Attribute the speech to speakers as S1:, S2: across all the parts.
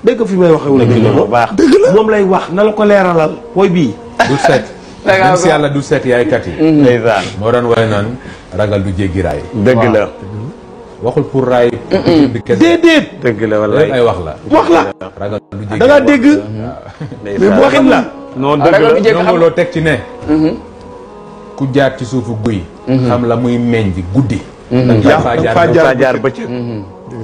S1: dëgg fi may waxee wu la. dëgg la moom lay wax na la ko leeralal booy bii. du yàlla du set yaay kat yi. Mm-hmm. moo doon way naan ragal du jéggi raay. la waxul pour raay. Mm-hmm. déedéet. la wallaay wax la. wax la ragal dégg. Mm-hmm. mais bu la. non loo teg ci ne. ku jaar ci suufu guy. xam la muy meññ guddi. da nga faa jaar ba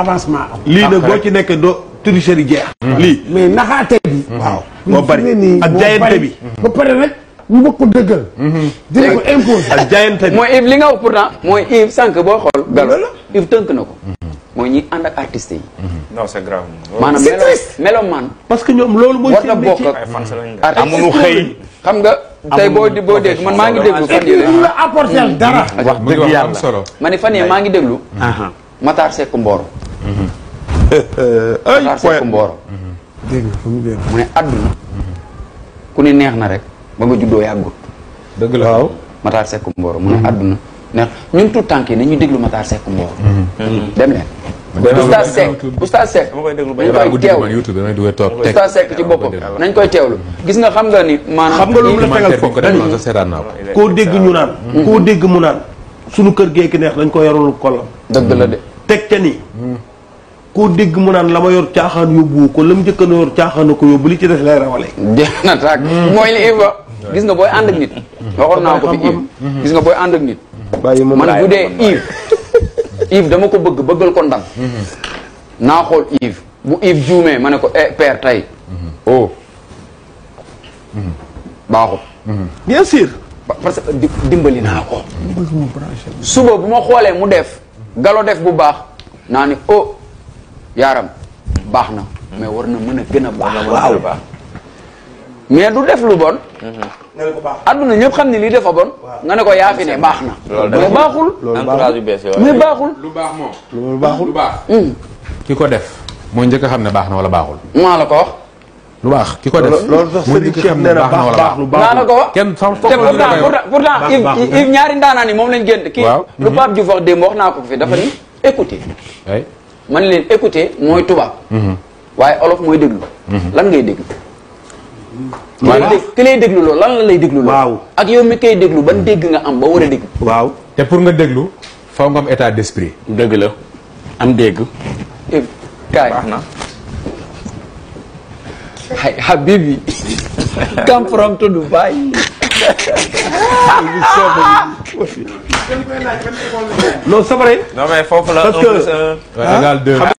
S1: avancement lii nag boo ci nekk doo tricherie jeex. Hmm. lii mais naxaate bi. waaw boo bari ak jaayante bi ba pare rek. ñu bëgg ko dëggal. Hmm. dinañ mooy Yves li nga wax pourtant mooy Yves sànq boo xool. galo Yves tënk na ko. Hmm. mooy ñi ànd ak artistes yi. non c'est parce que ñoom loolu mooy. seen métier war na bokk amuñu xëy. xam nga tey boo di boo dégg man maa ngi déglu fan yii la la apporter dara. wax ma ne fan yii maa ngi déglu. Matar Seck Mboro. Mm-hmm. ay point mbooro mm-hmm. dégg nga mu dégg ne àdduna mm-hmm. ku ni neex na rek ba nga juddoo yàggut dëgg la waaw Matar Seck Mboro mu ne àdduna neex ñun tout tànk yi nañuy déglu mataar Seck Mboro dem leen Oustaz Seck Oustaz Seck nañ koy teewlu Oustaz Seck ci boppam nañ koy teewlu gis nga xam nga ni maanaam xam nga lu mu la tegal foofu dañ seetaan naa ko koo dégg ñu naan koo dégg mu naan suñu kër geeki neex dañ koo yarul kolam dëgg la de teg ca ni koo dégg mu naan la ma yor caaxaan yóbbu ko la mu njëkkan yor caaxaan ko yóbbu li ci des lay rawale. jeex na tàkk mooy li Iba gis nga booy ànd ak nit. naa ko fi Iba gis nga booy ànd ak nit. man bu dee Iba Iba dama ko bëgg bëggal ko ndam. naa xool Iba bu Iba juumee ma ne ko eh père tey. Oh. bien sûr. parce que dimbali naa ko. suba bu ma xoolee mu def. galo def bu baax naa ni oh. yaaram baax na mais war na mën a gën a baax waaw mais du def lu bon adduna ñëpp xam ne lii dafa bon nga ne ko yaa fi baax na mais baaxul mais baaxul lu baax moom lu baaxul baax hmm. ki ko def mooy njëkk xam ne baax na wala baaxul maa la ko wax lu baax ki ko def loolu sax sëriñ Cheikh nee na baax baax lu la ko wax kenn sax te pourtant pourtant ñaari ndaanaan moom lañ génn kii lu Pape mhm. Diouf wax démb wax naa ko fi dafa ni mhm. écoutez man leen écouter mooy tubaab. Mhm. waaye olof mooy déglu. Mhm. lan ngay déglu. maanaam ki lay déglu lan la lay déglu. waaw ak yow mi koy déglu ban mhm. dégg nga am ba war a déglu. waaw te pour nga déglu faw nga am état d'esprit. dëgg la am dégg. kaay baax na. hay habibi come from to Dubai. non c'est vrai. non mais foofu la un plus un.